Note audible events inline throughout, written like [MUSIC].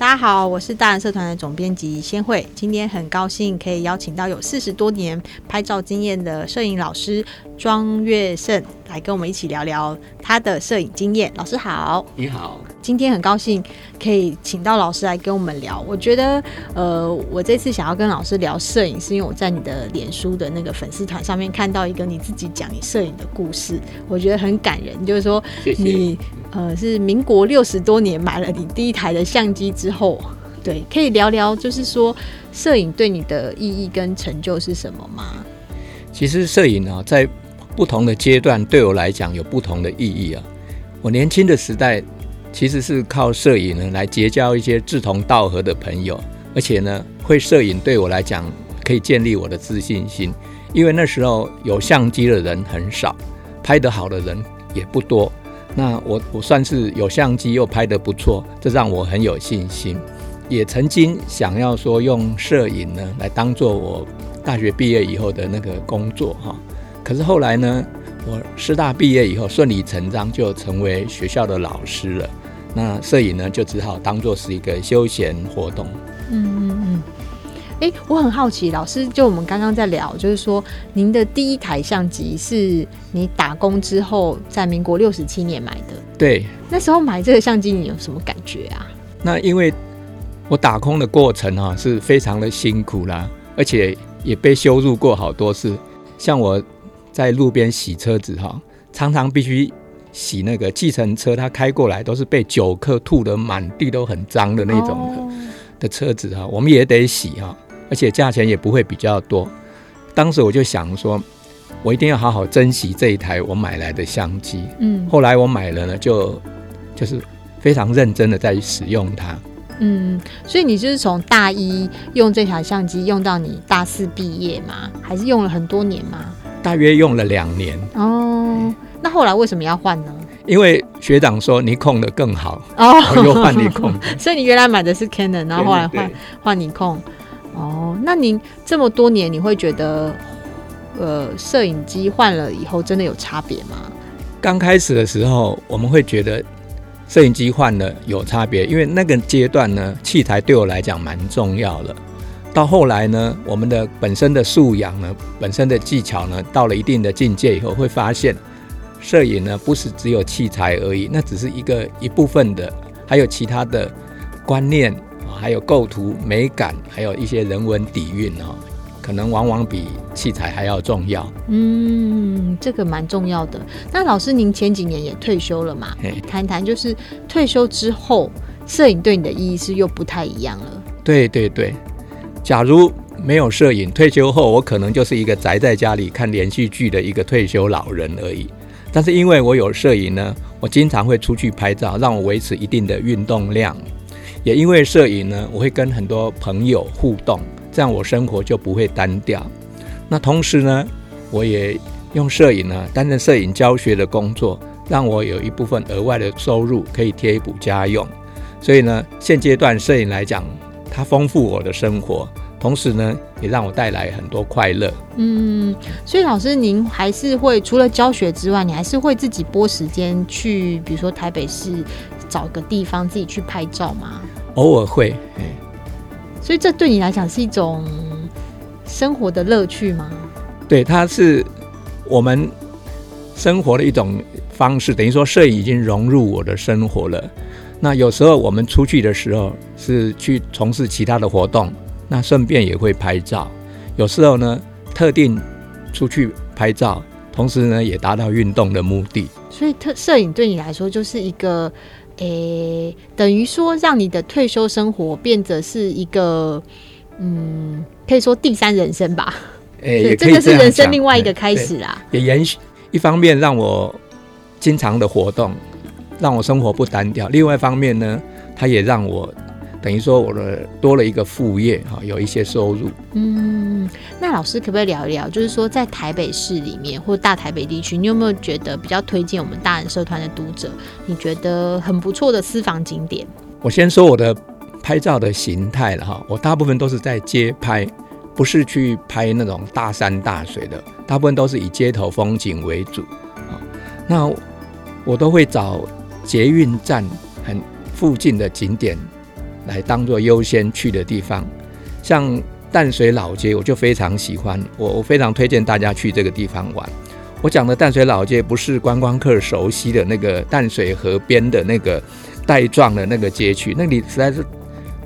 大家好，我是大人社團的總編輯先蕙，今天很高興可以邀請到有四十多年拍照經驗的攝影老師莊粵盛。來跟我們一起聊聊他的攝影經驗。老師好，你好。今天很高興可以請到老師來跟我們聊。我覺得，呃，我這次想要跟老師聊攝影，是因為我在你的臉書的那個粉絲團上面看到一個你自己講你攝影的故事，我覺得很感人。就是說你，你謝呃是民國六十多年買了你第一台的相機之後，對，可以聊聊就是說攝影對你的意義跟成就是什麼嗎？其實攝影呢、啊，在不同的階段對我來講有不同的意義啊。我年輕的時代其實是靠攝影呢來結交一些志同道合的朋友，而且呢會攝影對我來講可以建立我的自信心，因為那時候有相機的人很少，拍得好的人也不多。那我我算是有相機又拍得不錯，這讓我很有信心。也曾經想要說用攝影呢來當做我大學畢業以後的那個工作哈、啊。可是後來呢，我師大畢業以後，順理成章就成為學校的老師了。那攝影呢，就只好當做是一個休閒活動。嗯嗯嗯。哎、嗯嗯欸，我很好奇，老師，就我們剛剛在聊，就是說，您的第一台相機是你打工之後在民國六十七年買的。對。那時候買這個相機，你有什麼感覺啊？那因為我打工的過程哈、啊，是非常的辛苦啦，而且也被羞辱過好多次，像我。在路邊洗車子哈，常常必須洗那個計程車，它開過來都是被酒客吐得滿地都很髒的那種的車子哈，oh. 我們也得洗哈，而且價錢也不會比較多。當時我就想說，我一定要好好珍惜這一台我買來的相機。嗯，後來我買了呢，就就是非常認真的在使用它。嗯，所以你就是從大一用這台相機用到你大四畢業嗎？還是用了很多年嗎？大約用了兩年哦，oh, 對那後來為什麼要換呢？因為學長說，你控的更好哦，oh. 然後又換你控， [LAUGHS] 所以你原來買的是 Canon，然後後來換換你控。哦，oh，那您這麼多年，你會覺得呃，攝影機換了以後真的有差別嗎？剛開始的時候我們會覺得攝影機換了有差別，因為那個階段呢，器材對我來講蠻重要的。到後來呢，我們的本身的素養呢，本身的技巧呢，到了一定的境界以後，會發現攝影呢不是只有器材而已，那只是一個一部分的，還有其他的觀念啊，還有構圖美感，還有一些人文底蘊哦，可能往往比器材還要重要。嗯，這個蠻重要的。那老師您前幾年也退休了嘛？談談，嘿，就是退休之後，攝影對你的意義是又不太一樣了。對對對。假如沒有攝影，退休後我可能就是一個宅在家裡看連續劇的一個退休老人而已。但是因為我有攝影呢，我經常會出去拍照，讓我維持一定的運動量。也因為攝影呢，我會跟很多朋友互動，這樣我生活就不會單調。那同時呢，我也用攝影呢擔任攝影教學的工作，讓我有一部分額外的收入可以貼補家用。所以呢，現階段攝影來講，它豐富我的生活，同時呢，也讓我帶來很多快樂。嗯，所以老師，您還是會除了教學之外，你還是會自己撥時間去，比如說台北市找個地方自己去拍照嗎？偶爾會，嗯。所以這對你來講是一種生活的樂趣嗎？對，它是我們生活的一種方式，等於說攝影已經融入我的生活了。那有時候我們出去的時候是去從事其他的活動，那順便也會拍照。有時候呢，特定出去拍照，同時呢也達到運動的目的。所以，特攝影對你來說就是一個，誒、欸，等於說讓你的退休生活變成是一個，嗯，可以說第三人生吧。誒、欸， [LAUGHS] 是這，這個是人生另外一個開始啊、欸。也延續一,一方面讓我經常的活動。讓我生活不單調。另外一方面呢，它也讓我等於說我的多了一個副業哈，有一些收入。嗯，那老師可不可以聊一聊，就是說在台北市裡面或大台北地區，你有沒有覺得比較推薦我們大人社團的讀者，你覺得很不錯的私房景點？我先說我的拍照的形態了哈，我大部分都是在街拍，不是去拍那種大山大水的，大部分都是以街頭風景為主，那我都會找。捷運站很附近的景點，來當做優先去的地方，像淡水老街，我就非常喜歡，我我非常推薦大家去這個地方玩。我講的淡水老街不是觀光客熟悉的那個淡水河邊的那個帶狀的那個街區，那裡實在是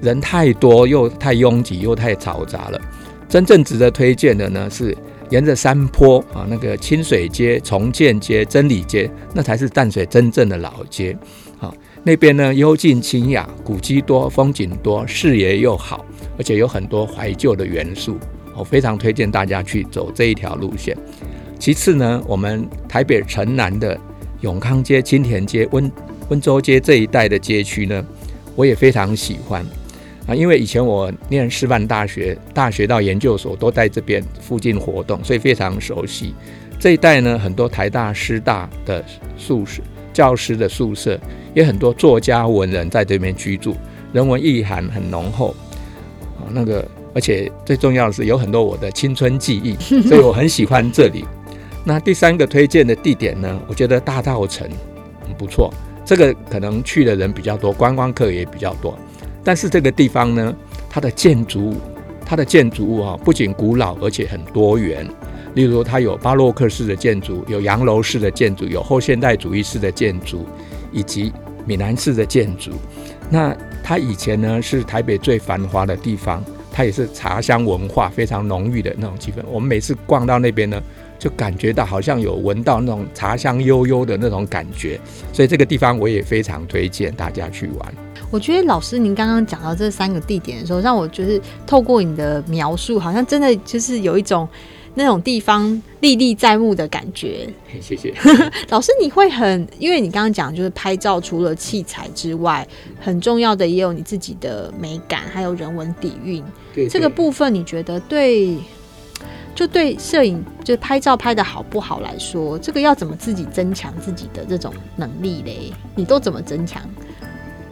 人太多，又太擁擠，又太嘈雜了。真正值得推薦的呢是。沿着山坡啊，那個清水街、重建街、真理街，那才是淡水真正的老街。啊，那邊呢幽靜清雅，古蹟多，風景多，視野又好，而且有很多懷舊的元素。我非常推薦大家去走這一條路線。其次呢，我們台北城南的永康街、青田街、溫溫州街這一帶的街區呢，我也非常喜歡。啊，因為以前我念師範大學，大學到研究所都在這邊附近活動，所以非常熟悉這一帶呢。很多台大、師大的宿舍、教師的宿舍，也很多作家、文人在這邊居住，人文意涵很濃厚。啊，那個，而且最重要的是，有很多我的青春記憶，所以我很喜歡這裡。 [LAUGHS] 那第三個推薦的地點呢，我覺得大稻埕不錯，這個可能去的人比較多，觀光客也比較多。但是這個地方呢，它的建築物，它的建築物啊，不僅古老，而且很多元。例如，它有巴洛克式的建築，有洋樓式的建築，有後現代主義式的建築，以及閩南式的建築。那它以前呢，是台北最繁華的地方，它也是茶香文化非常濃郁的那種氣氛。我們每次逛到那邊呢，就感覺到好像有聞到那種茶香悠悠的那種感覺。所以，這個地方我也非常推薦大家去玩。我覺得老師，您剛剛講到這三個地點的時候，讓我就是透過你的描述，好像真的就是有一種那種地方歷歷在目的感覺。謝謝 [LAUGHS] 老師，你會很，因為你剛剛講就是拍照，除了器材之外，很重要的也有你自己的美感，還有人文底蘊。對，對,對，這個部分，你覺得對，就對攝影，就拍照拍得好不好來說，這個要怎麼自己增強自己的這種能力嘞？你都怎麼增強？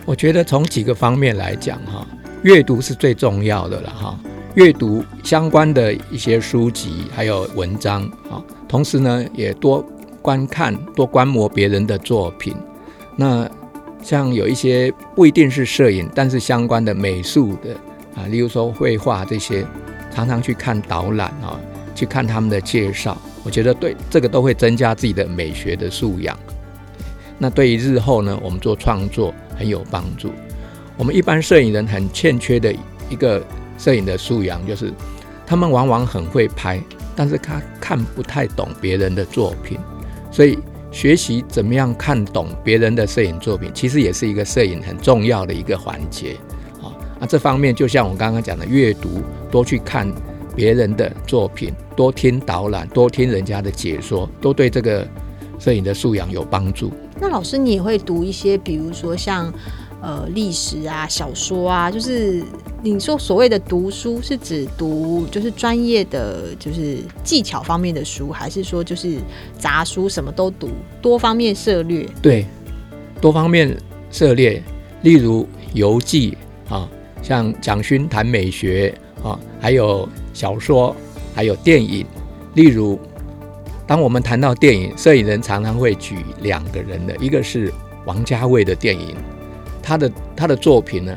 我覺得從幾個方面來講，哈，閱讀是最重要的了，哈。閱讀相關的一些書籍還有文章，啊，同時呢也多觀看、多觀摩別人的作品。那像有一些不一定是攝影，但是相關的美術的啊，例如說繪畫這些，常常去看導覽啊，去看他們的介紹，我覺得對這個都會增加自己的美學的素養。那對於日後呢，我們做創作很有幫助。我們一般攝影人很欠缺的一個攝影的素養，就是他們往往很會拍，但是他看不太懂別人的作品。所以學習怎麼樣看懂別人的攝影作品，其實也是一個攝影很重要的一個環節啊。那這方面就像我剛剛講的，閱讀，多去看別人的作品，多聽導覽，多聽人家的解說，都對這個攝影的素養有幫助。那老師，你也會讀一些，比如說像呃歷史啊、小說啊，就是你說所謂的讀書是指讀就是專業的就是技巧方面的書，還是說就是雜書什麼都讀，多方面涉獵？對，多方面涉獵，例如遊記啊，像蔣勳談美學啊，還有小說，還有電影，例如。當我們談到電影攝影人，常常會舉兩個人的，一個是王家衛的電影，他的他的作品呢，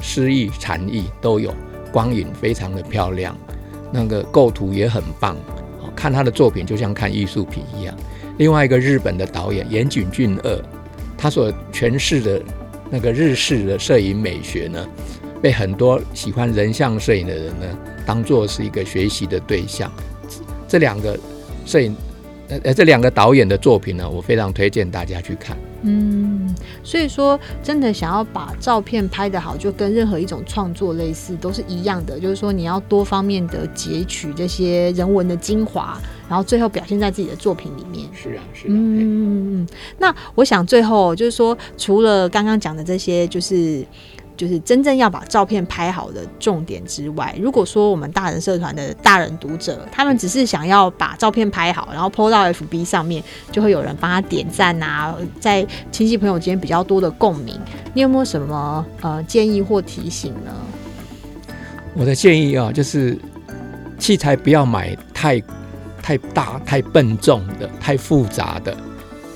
詩意、禪意都有，光影非常的漂亮，那個構圖也很棒，哦，看他的作品就像看藝術品一樣。另外一個日本的導演岩井俊二，他所詮釋的那個日式的攝影美學呢，被很多喜歡人像攝影的人呢，當做是一個學習的對象。這兩個攝影。呃這兩個導演的作品呢、啊，我非常推薦大家去看。嗯，所以說，真的想要把照片拍得好，就跟任何一種創作類似，都是一樣的，就是說你要多方面的截取這些人文的精華，然後最後表現在自己的作品裡面。是啊，是啊。嗯嗯嗯。啊、那我想最後就是說，除了剛剛講的這些，就是。就是真正要把照片拍好的重點之外，如果說我們大人社團的大人讀者，他們只是想要把照片拍好，然後 PO 到 FB 上面，就會有人幫他點讚啊，在親戚朋友間比較多的共鳴。你有沒有什麼呃建議或提醒呢？我的建議啊，就是器材不要買太太大、太笨重的、太複雜的，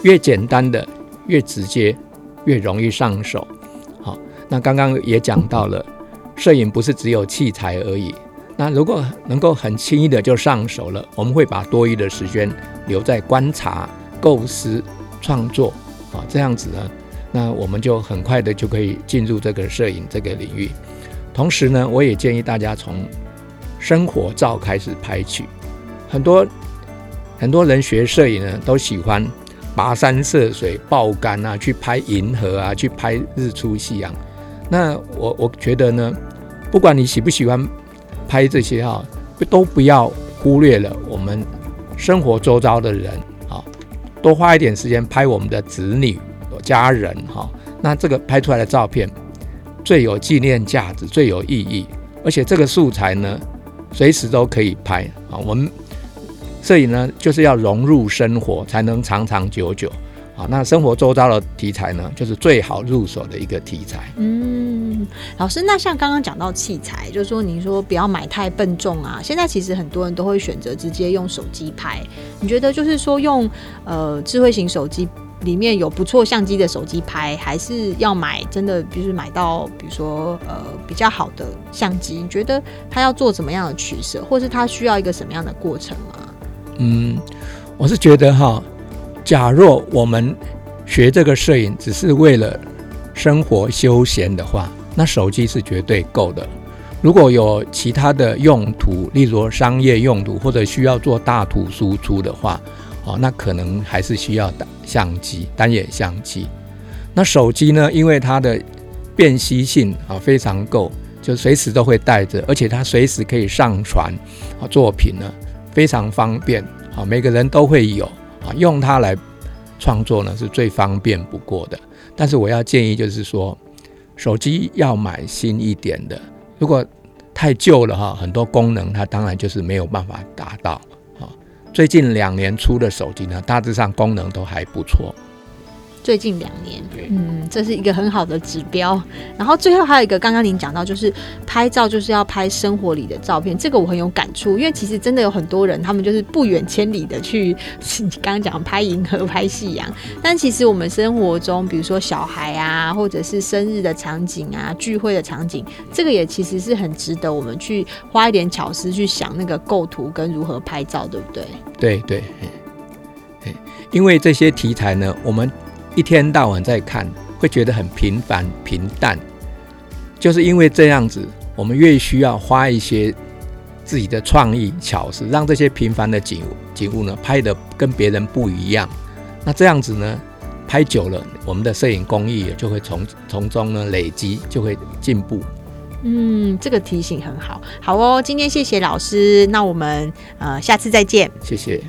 越簡單的越直接，越容易上手。那剛剛也講到了，攝影不是只有器材而已。那如果能夠很輕易的就上手了，我們會把多餘的時間留在觀察、構思、創作，啊，這樣子呢，那我們就很快的就可以進入這個攝影這個領域。同時呢，我也建議大家從生活照開始拍起。很多很多人學攝影呢，都喜歡跋山涉水、爆肝啊，去拍銀河啊，去拍日出夕陽。那我我覺得呢，不管你喜不喜歡拍這些哈，都不要忽略了我們生活周遭的人，好、哦，多花一點時間拍我們的子女、家人哈、哦。那這個拍出來的照片最有紀念價值，最有意義，而且這個素材呢，隨時都可以拍啊、哦。我們攝影呢，就是要融入生活，才能長長久久。啊，那生活周遭的題材呢，就是最好入手的一個題材。嗯，老師，那像剛剛講到器材，就是說您說不要買太笨重啊。現在其實很多人都會選擇直接用手機拍。你覺得就是說用呃智慧型手機裡面有不錯相機的手機拍，還是要買真的，就是買到比如說呃比較好的相機？你覺得他要做什麼樣的取捨，或是他需要一個什麼樣的過程嗎？嗯，我是覺得哈。假若我們學這個攝影只是為了生活休閒的話，那手機是絕對夠的。如果有其他的用途，例如商業用途或者需要做大圖輸出的話，哦，那可能還是需要打相機、單眼相機。那手機呢，因為它的便攜性啊、哦、非常夠，就隨時都會帶着，而且它隨時可以上傳啊、哦、作品呢，非常方便啊、哦。每個人都會有。用它來創作呢，是最方便不過的。但是我要建議，就是說，手機要買新一點的。如果太舊了哈，很多功能它當然就是沒有辦法達到啊。最近兩年出的手機呢，大致上功能都還不錯。最近兩年，嗯，這是一個很好的指標。然後最後還有一個，剛剛您講到就是拍照就是要拍生活裡的照片，這個我很有感觸，因為其實真的有很多人，他們就是不遠千里的去，你剛剛講拍銀河、拍夕陽，但其實我們生活中，比如說小孩啊，或者是生日的場景啊、聚會的場景，這個也其實是很值得我們去花一點巧思去想那個構圖跟如何拍照，對不對？對對對，因為這些題材呢，我們。一天到晚在看，會覺得很平凡平淡，就是因為這樣子，我們越需要花一些自己的創意巧思，讓這些平凡的景物景物呢，拍得跟別人不一樣。那這樣子呢，拍久了，我們的攝影工藝也就會從從中呢累積，就會進步。嗯，這個提醒很好，好哦。今天謝謝老師，那我們呃下次再見。謝謝。